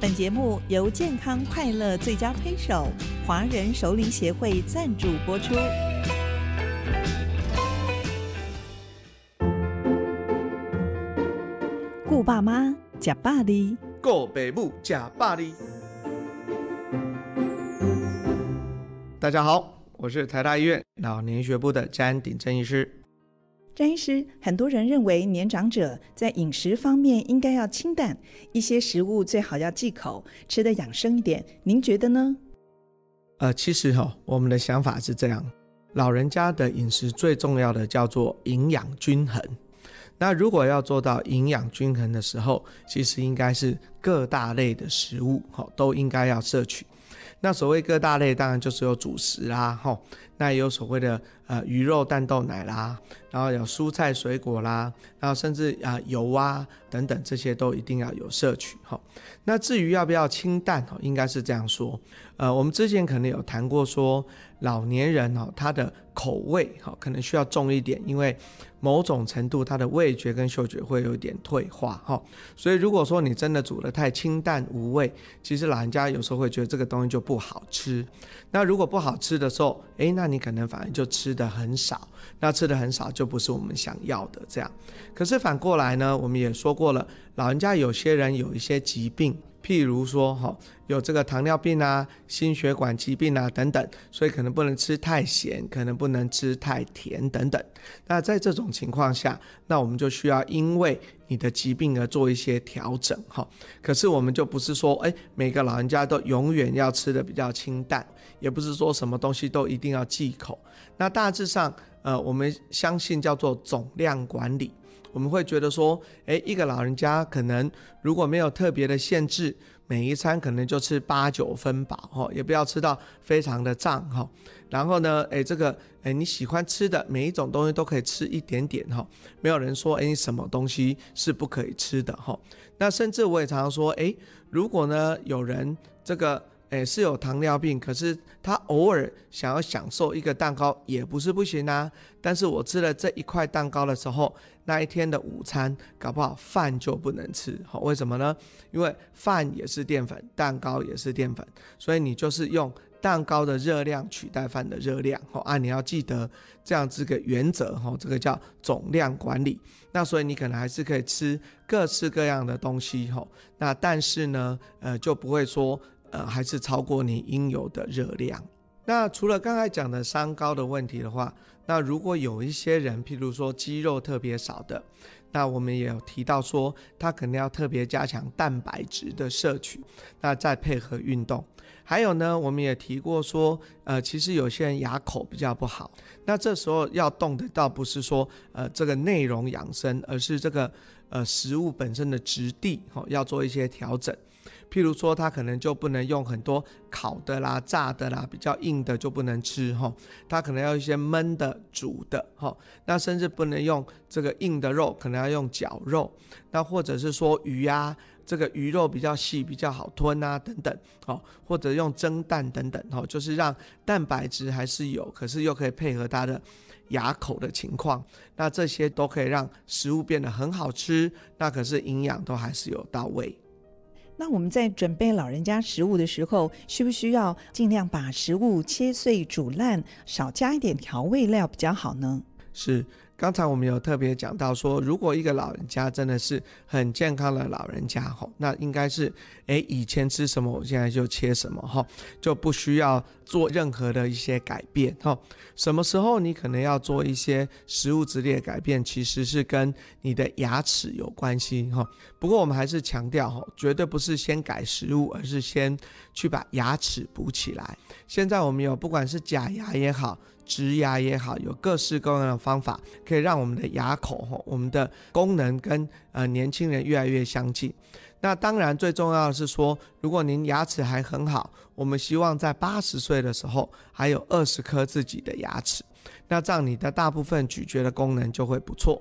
本節目由健康快樂最佳推手華人熟齡協會贊助播出。顧爸媽，吃百里，顧爸母，吃百里。大家好，我是台大醫院老年醫學部的詹鼎正醫師。詹醫師，很多人認為年長者在飲食方面應該要清淡，一些食物最好要忌口，吃得養生一點。您覺得呢？呃，其實哈，我們的想法是這樣，老人家的飲食最重要的叫做營養均衡。那如果要做到營養均衡的時候，其實應該是各大類的食物哈，都應該要攝取。那所謂各大類，當然就是有主食啦，哈，那也有所謂的呃魚肉蛋豆奶啦。然後有蔬菜水果啦，然後甚至啊、呃、油啊等等這些都一定要有攝取哈、哦。那至於要不要清淡、哦、應該是這樣說。呃，我們之前可能有談過說，老年人哈、哦、他的口味哈、哦、可能需要重一點，因為某種程度他的味覺跟嗅覺會有一點退化哈、哦。所以如果說你真的煮得太清淡無味，其實老人家有時候會覺得這個東西就不好吃。那如果不好吃的時候，哎，那你可能反而就吃得很少。那吃得很少。就不是我們想要的這樣，可是反過來呢，我們也說過了，老人家有些人有一些疾病，譬如說哈，有這個糖尿病啊、心血管疾病啊等等，所以可能不能吃太鹹，可能不能吃太甜等等。那在這種情況下，那我們就需要因為你的疾病而做一些調整哈。可是我們就不是說誒，每個老人家都永遠要吃得比較清淡，也不是說什麼東西都一定要忌口。那大致上。呃，我們相信叫做總量管理，我們會覺得說，哎，一個老人家可能如果沒有特別的限制，每一餐可能就吃八九分飽，哈，也不要吃到非常的脹，哈，然後呢，哎，這個，哎，你喜歡吃的每一種東西都可以吃一點點，哈，沒有人說，哎，什麼東西是不可以吃的，哈。那甚至我也常常說，哎，如果呢，有人這個。誒，是有糖尿病，可是他偶爾想要享受一個蛋糕也不是不行啊。但是我吃了這一塊蛋糕的時候，那一天的午餐搞不好飯就不能吃。好、哦，為什麼呢？因為飯也是澱粉，蛋糕也是澱粉，所以你就是用蛋糕的熱量取代飯的熱量。好、哦、啊，你要記得這樣子個原則。哈、哦，這個叫總量管理。那所以你可能還是可以吃各式各樣的東西。哈、哦，那但是呢，呃，就不會說。呃，還是超過你應有的熱量。那除了剛才講的三高的問題的話，那如果有一些人，譬如說肌肉特別少的，那我們也有提到說，他可能要特別加強蛋白質的攝取，那再配合運動。還有呢，我們也提過說，呃，其實有些人牙口比較不好，那這時候要動的倒不是說，呃，這個內容養生，而是這個呃食物本身的質地，吼、哦，要做一些調整。譬如說，它可能就不能用很多烤的啦、炸的啦、比較硬的就不能吃哈。它可能要一些燜的、煮的哈。那甚至不能用這個硬的肉，可能要用絞肉。那或者是說魚呀、啊，這個魚肉比較細，比較好吞啊，等等。或者用蒸蛋等等，就是讓蛋白質還是有，可是又可以配合它的牙口的情況。那這些都可以讓食物變得很好吃，那可是營養都還是有到位。那我們在準備老人家食物的時候，需不需要盡量把食物切碎、煮爛，少加一點調味料比較好呢？是。剛才我們有特別講到說，如果一個老人家真的是很健康的老人家齁，那應該是誒，以前吃什麼，我現在就切什麼齁，就不需要做任何的一些改變齁。什麼時候你可能要做一些食物之類的改變，其實是跟你的牙齒有關係齁。不過我們還是強調齁，絕對不是先改食物，而是先去把牙齒補起來。現在我們有不管是假牙也好。植牙也好，有各式各樣的方法，可以讓我們的牙口吼，我們的功能跟呃年輕人越來越相近。那當然最重要的是說，如果您牙齒還很好，我們希望在八十歲的時候還有二十顆自己的牙齒，那這樣你的大部分咀嚼的功能就會不錯。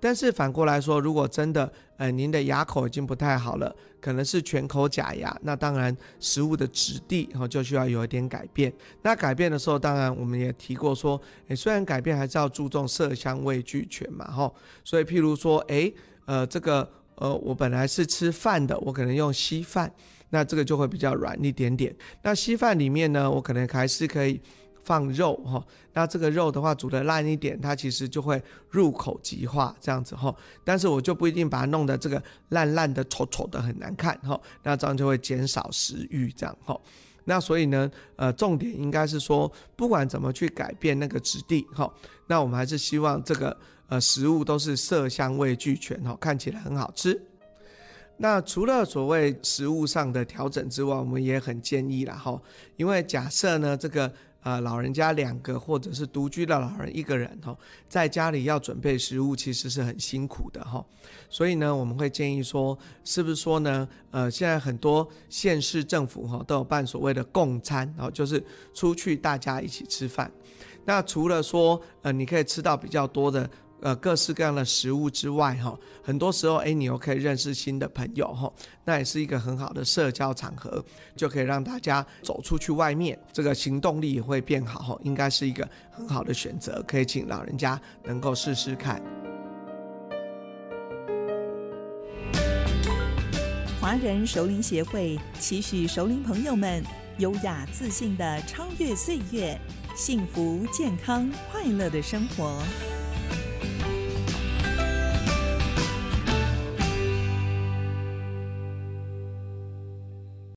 但是反過來說，如果真的，呃，您的牙口已經不太好了，可能是全口假牙，那當然食物的質地，然後就需要有一點改變。那改變的時候，當然我們也提過說，誒、欸，雖然改變還是要注重色香味俱全嘛，哈。所以譬如說，誒、欸，呃，這個，呃，我本來是吃飯的，我可能用稀飯，那這個就會比較軟一點點。那稀飯裡面呢，我可能還是可以。放肉哈，那這個肉的話，煮得爛一點，它其實就會入口即化這樣子哈。但是我就不一定把它弄得這個爛爛的、醜丑的，很難看哈。那這樣就會減少食欲這樣哈。那所以呢，呃，重點應該是說，不管怎麼去改變那個質地哈，那我們還是希望這個呃食物都是色香味俱全哈，看起來很好吃。那除了所謂食物上的調整之外，我們也很建議啦。哈，因為假設呢這個。呃，老人家兩個或者是獨居的老人一個人、哦、在家裡要準備食物，其實是很辛苦的、哦、所以呢，我們會建議說，是不是說呢？呃，現在很多縣市政府哈、哦、都有辦所謂的共餐，然、哦、後就是出去大家一起吃飯。那除了說，呃，你可以吃到比較多的。呃，各式各樣的食物之外，哈，很多時候，哎，你又可以認識新的朋友，哈，那也是一個很好的社交場合，就可以讓大家走出去外面，這個行動力也會變好，哈，應該是一個很好的選擇，可以請老人家能夠試試看。華人熟齡協會期許熟齡朋友們優雅自信的超越歲月，幸福健康快樂的生活。